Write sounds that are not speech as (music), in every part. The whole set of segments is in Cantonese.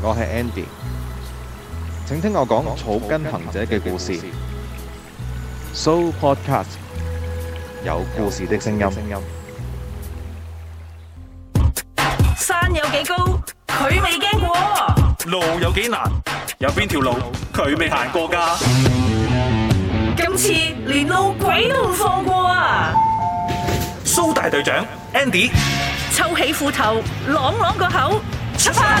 我係 Andy，請聽我講草根行者嘅故事。So Podcast 有故事的聲音。山有幾高，佢未驚過；路有幾難，有邊條路佢未行過㗎。今次連路鬼都唔放過啊！蘇大隊長 Andy，抽起褲頭，朗朗個口出發。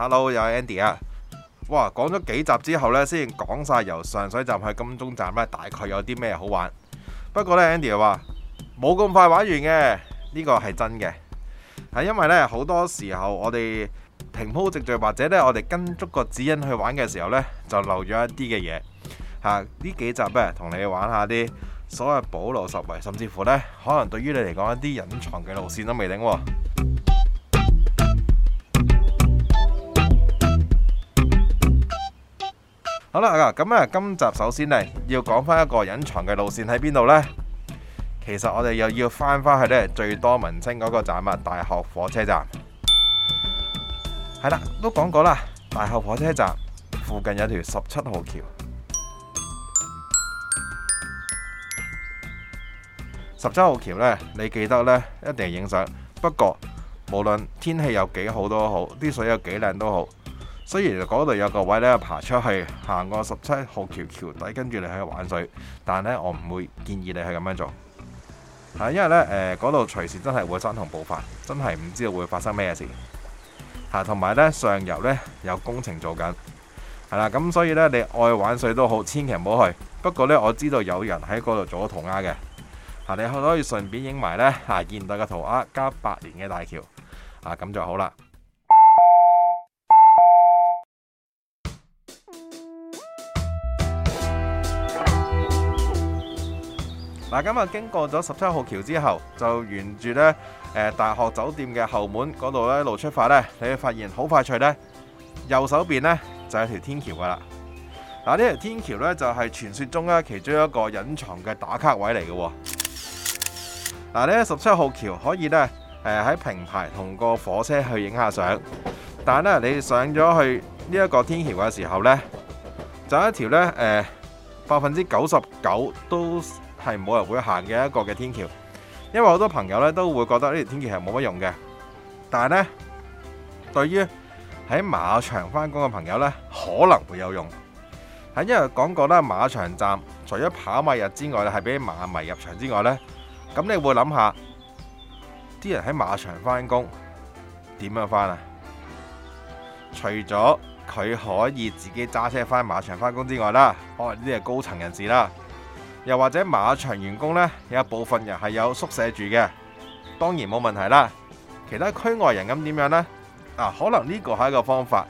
Hello，又 Andy 啊！哇，講咗幾集之後呢，先講晒由上水站去金鐘站呢，大概有啲咩好玩。不過呢 Andy 話冇咁快玩完嘅，呢個係真嘅。係因為呢，好多時候我哋平鋪直敘，或者呢，我哋跟足個指引去玩嘅時候呢，就漏咗一啲嘅嘢。吓、啊，呢幾集呢，同你玩一下啲所謂保留十圍，甚至乎呢，可能對於你嚟講一啲隱藏嘅路線都未定喎。好啦，咁啊，今集首先呢，要講返一個隱藏嘅路線喺邊度呢？其實我哋又要返返去呢，最多文青嗰個站啊，大學火車站。係啦，都講過啦，大學火車站附近有條十七號橋。十七號橋呢，你記得呢，一定係影相。不過無論天氣有幾好都好，啲水有幾靚都好。雖然嗰度有個位呢，爬出去行過十七號橋橋底，跟住你喺度玩水，但呢，我唔會建議你係咁樣做。吓，因為呢，誒嗰度隨時真係會山洪暴發，真係唔知道會發生咩事。吓，同埋呢，上游呢，有工程做緊，係啦咁，所以呢，你愛玩水都好，千祈唔好去。不過呢，我知道有人喺嗰度做咗塗鴉嘅，吓你可以順便影埋呢現代嘅塗鴉加百年嘅大橋，啊咁就好啦。嗱，今日經過咗十七號橋之後，就沿住咧誒大學酒店嘅後門嗰度咧一路出發咧，你會發現好快脆咧，右手邊咧就係條天橋㗎喇。嗱，呢條天橋咧就係傳說中咧其中一個隱藏嘅打卡位嚟嘅喎。嗱，呢十七號橋可以咧誒喺平排同個火車去影下相，但係咧你上咗去呢一個天橋嘅時候咧，就一條咧誒百分之九十九都～係冇人會行嘅一個嘅天橋，因為好多朋友呢都會覺得呢條天橋係冇乜用嘅。但係呢，對於喺馬場返工嘅朋友呢，可能會有用。係因為講過啦，馬場站除咗跑馬日之外，係俾馬迷入場之外呢，咁你會諗下，啲人喺馬場返工點樣返啊？除咗佢可以自己揸車返馬場返工之外啦，可能呢啲係高層人士啦。又或者馬場員工呢，有一部分人係有宿舍住嘅，當然冇問題啦。其他區外人咁點樣呢？啊，可能呢個係一個方法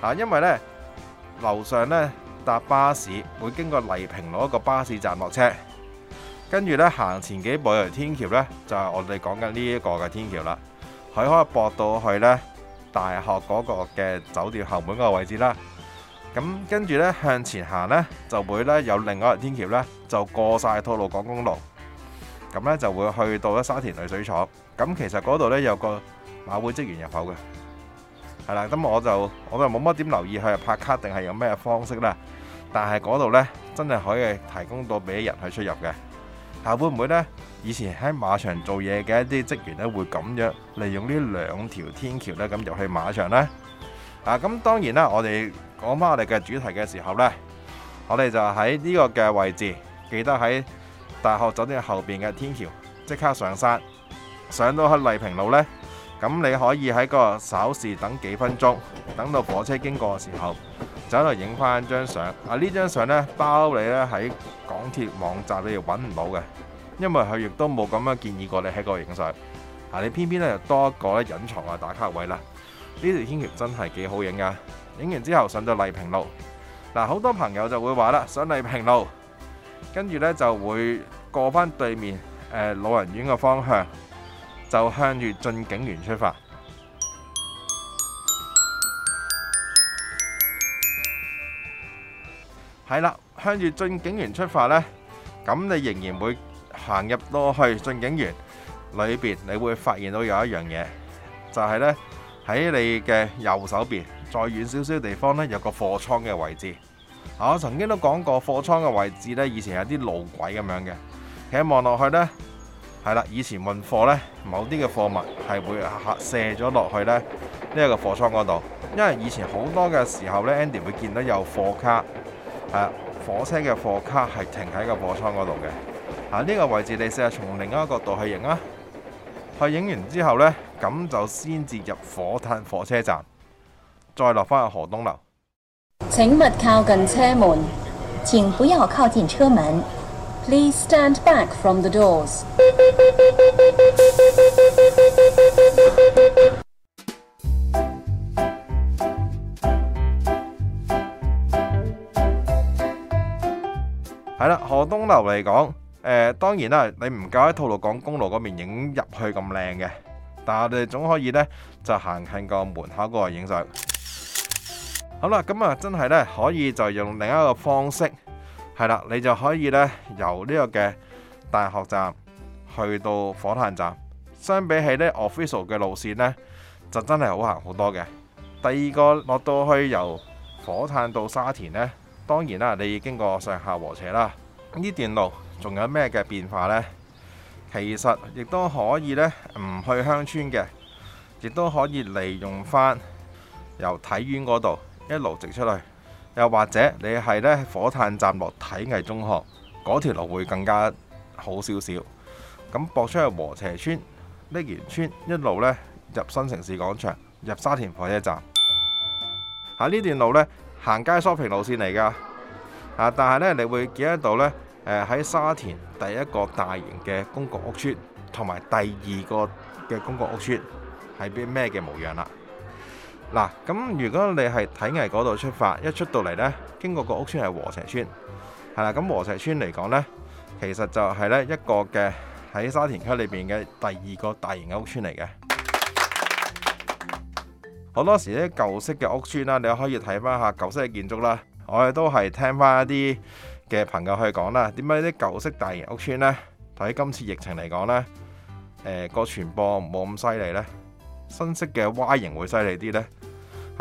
啊，因為呢樓上呢，搭巴士會經過黎平路一個巴士站落車，跟住呢，行前幾步有條天橋呢，就係、是、我哋講緊呢一個嘅天橋啦。佢可以駁到去呢大學嗰個嘅酒店後門嗰個位置啦。咁跟住呢向前行呢，就會呢有另外一條天橋呢，就過晒吐露港公路。咁呢就會去到沙田濾水廠。咁其實嗰度呢，有個馬會職員入口嘅係啦。咁我就我就冇乜點留意佢係拍卡定係用咩方式啦。但係嗰度呢，真係可以提供到俾人去出入嘅。後會唔會呢？以前喺馬場做嘢嘅一啲職員呢，會咁樣利用呢兩條天橋呢，咁入去馬場呢？啊？咁當然啦，我哋。講翻我哋嘅主題嘅時候呢，我哋就喺呢個嘅位置，記得喺大學酒店後邊嘅天橋，即刻上山，上到去麗平路呢。咁你可以喺個稍事等幾分鐘，等到火車經過嘅時候，就喺度影翻張相。啊，呢張相呢，包你呢喺港鐵網站你揾唔到嘅，因為佢亦都冇咁樣建議過你喺嗰度影相。啊，你偏偏呢，就多一個隱藏嘅打卡位啦，呢條天橋真係幾好影噶。影完之後上到麗平路，嗱好多朋友就會話啦，上麗平路，跟住咧就會過返對面誒老人院嘅方向，就向住進景園出發。係啦，向住進景園出發咧，咁你仍然會行入到去進景園裏邊，你會發現到有一樣嘢，就係咧喺你嘅右手邊。再遠少少地方呢，有個貨倉嘅位置。啊，我曾經都講過貨倉嘅位置呢，以前有啲路軌咁樣嘅。企望落去呢，係啦，以前運貨呢，某啲嘅貨物係會卸咗落去呢，呢一個貨倉嗰度。因為以前好多嘅時候呢，Andy 會見到有貨卡，係火車嘅貨卡係停喺個貨倉嗰度嘅。啊，呢個位置你試下從另一個角度去影啊，去影完之後呢，咁就先至入火炭火車站。再落返去河東樓，請勿靠近車門，請不要靠近車門。Please stand back from the doors。係啦，河東樓嚟講，誒、呃，當然啦，你唔夠喺吐露港公路嗰邊影入去咁靚嘅，但係我哋總可以咧就行近個門口嗰度影相。好啦，咁啊，真係呢，可以就用另一個方式係啦，你就可以呢，由呢個嘅大學站去到火炭站，相比起呢 official 嘅路線呢，就真係好行好多嘅。第二個落到去由火炭到沙田呢，當然啦，你經過上下和斜啦，呢段路仲有咩嘅變化呢？其實亦都可以呢，唔去鄉村嘅，亦都可以利用翻由體院嗰度。一路直出去，又或者你係咧火炭站落體藝中學嗰條路會更加好少少。咁駁出去禾輋邨，瀝源村，一路呢入新城市廣場，入沙田火車站。喺、啊、呢段路呢，行街 shopping 路線嚟噶、啊，但係呢，你會記得到呢，喺沙田第一個大型嘅公共屋邨同埋第二個嘅公共屋邨係邊咩嘅模樣啦。嗱，咁如果你係體藝嗰度出發，一出到嚟呢，經過個屋村係禾輋邨，係啦，咁禾輋邨嚟講呢，其實就係呢一個嘅喺沙田區裏邊嘅第二個大型屋村嚟嘅。好多時啲舊式嘅屋村啦，你可以睇翻下舊式嘅建築啦。我哋都係聽翻一啲嘅朋友去講啦，點解啲舊式大型屋村呢？睇今次疫情嚟講呢，誒、呃、個傳播冇咁犀利呢，新式嘅 Y 型會犀利啲呢。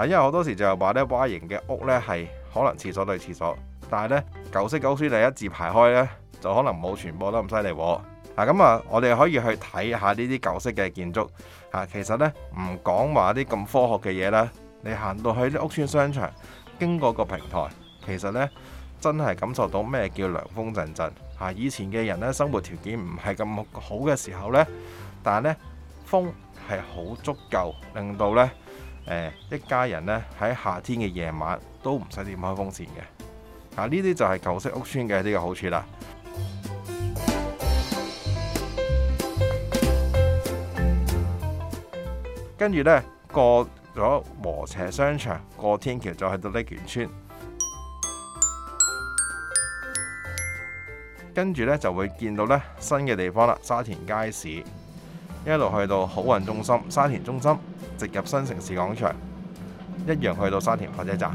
因為好多時就係話呢，Y 型嘅屋呢係可能廁所對廁所，但係呢，舊式嘅屋村第一字排開呢，就可能冇傳播得咁犀利。嗱，咁啊，我哋可以去睇下呢啲舊式嘅建築。嚇，其實呢，唔講話啲咁科學嘅嘢啦，你行到去啲屋村商場，經過個平台，其實呢，真係感受到咩叫涼風陣陣。嚇，以前嘅人呢，生活條件唔係咁好嘅時候呢，但係呢，風係好足夠令到呢。誒，一家人咧喺夏天嘅夜晚都唔使點開風扇嘅，嗱呢啲就係舊式屋邨嘅呢個好處啦。跟住 (music) 呢，過咗禾輋商場，過天橋再去到瀝源邨，跟住 (music) 呢，就會見到呢新嘅地方啦，沙田街市一路去到好運中心、沙田中心。直入新城市廣場，一樣去到沙田火車站。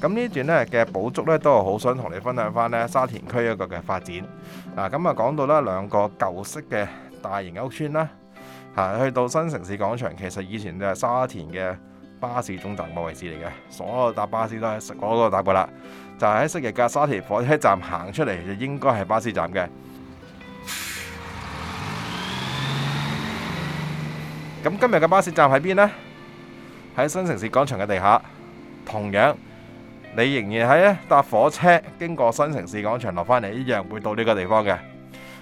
咁呢段咧嘅補足咧，都係好想同你分享翻咧沙田區一個嘅發展。啊，咁啊講到咧兩個舊式嘅大型嘅屋邨啦，去到新城市廣場，其實以前就係沙田嘅巴士總站個位置嚟嘅，所有搭巴士都喺嗰度搭噶啦。就係喺昔日嘅沙田火車站行出嚟，就應該係巴士站嘅。咁今日嘅巴士站喺邊咧？喺新城市廣場嘅地下。同樣，你仍然喺咧搭火車經過新城市廣場落返嚟，一樣會到呢個地方嘅。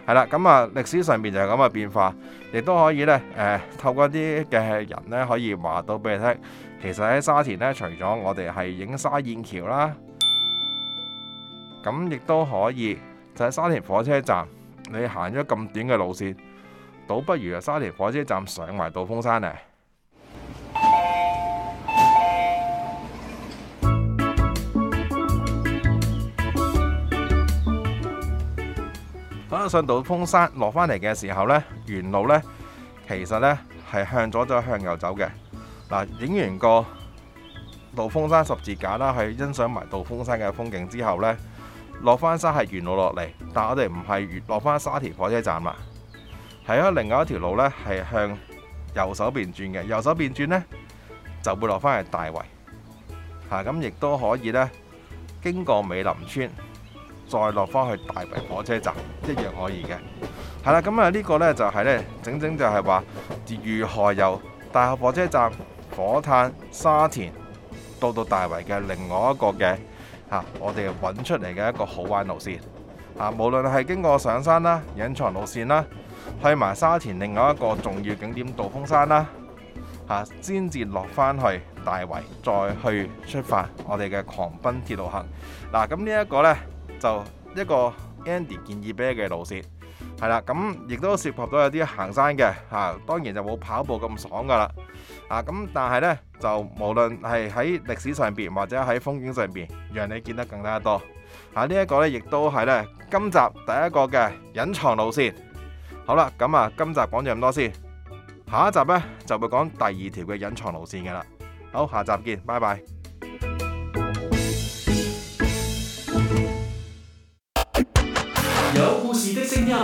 係啦，咁啊，歷史上面就係咁嘅變化，亦都可以咧，誒，透過啲嘅人咧，可以話到俾你聽。其實喺沙田咧，除咗我哋係影沙燕橋啦，咁亦都可以。就喺沙田火車站，你行咗咁短嘅路線。倒不如啊，沙田火車站上埋道風山啊！等啊，上道風山落返嚟嘅時候呢，原路呢其實呢係向左走向右走嘅。嗱，影完個道風山十字架啦，去欣賞埋道風山嘅風景之後呢，落返山係原路落嚟，但我哋唔係落返沙田火車站啦。係啊，另外一條路呢，係向右手邊轉嘅，右手邊轉呢，就會落返去大圍嚇。咁亦都可以呢，經過美林村再落返去大圍火車站一樣可以嘅。係、啊、啦，咁啊呢個呢，就係、是、呢整整就係話如何由大學火車站、火炭、沙田到到大圍嘅另外一個嘅、啊、我哋揾出嚟嘅一個好玩路線嚇、啊。無論係經過上山啦、隱藏路線啦。去埋沙田另外一個重要景點道風山啦，嚇先至落返去大圍，再去出發我哋嘅狂奔鐵路行。嗱、啊，咁呢一個呢，就一個 Andy 建議俾你嘅路線，係啦，咁亦都涉及到有啲行山嘅嚇、啊，當然就冇跑步咁爽噶啦，啊咁但係呢，就無論係喺歷史上邊或者喺風景上邊，讓你見得更加多嚇呢一個呢，亦都係呢今集第一個嘅隱藏路線。好啦，咁啊，今集講咗咁多先，下一集咧就會講第二條嘅隱藏路線嘅啦。好，下集見，拜拜。有故事的聲音